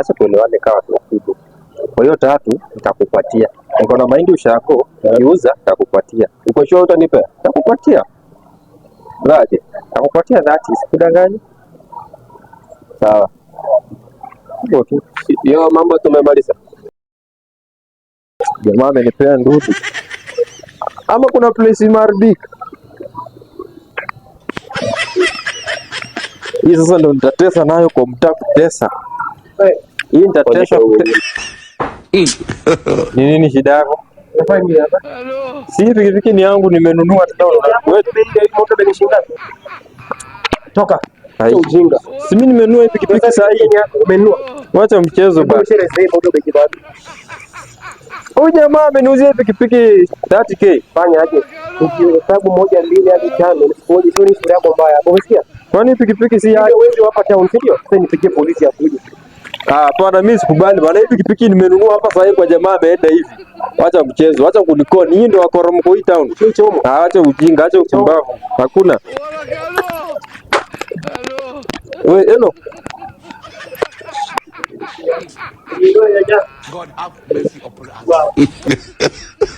Sasa tuelewane kama tunapigwa. Kwa hiyo tatu nitakupatia. Niko na mahindi ushako, ukiuza nitakupatia. Uko sure utanipa? Nitakupatia. Laje, nitakupatia dhati, sikudanganye. Sawa. Hiyo tu. Hiyo mambo tumemaliza. Jamaa amenipea ndudu Ama kuna place imeharibika. Hii sasa ndo nitatesa nayo kwa mtaa kutesa. Hii nitatesha ni nini shida yako? Si pikipiki ni yangu nimenunua toka. Si mimi nimenunua hii pikipiki saa hii. Wacha mchezo basi. Huyu jamaa ameniuzia pikipiki 30k. Fanya aje? Hesabu moja mbili hadi tano. Kwani pikipiki si yako? Wewe hapa town, sio? Sasa nipigie polisi akuje. Ah, Hapana, mimi sikubali bwana. hivi pikipiki nimenunua hapa sasa hivi kwa jamaa ameenda hivi. Acha mchezo, acha kunikoni. Hii ndio wakoromoko hii town. Ah, acha ujinga, acha uchimbavu. Hakuna. Wewe, hello. God have mercy upon us.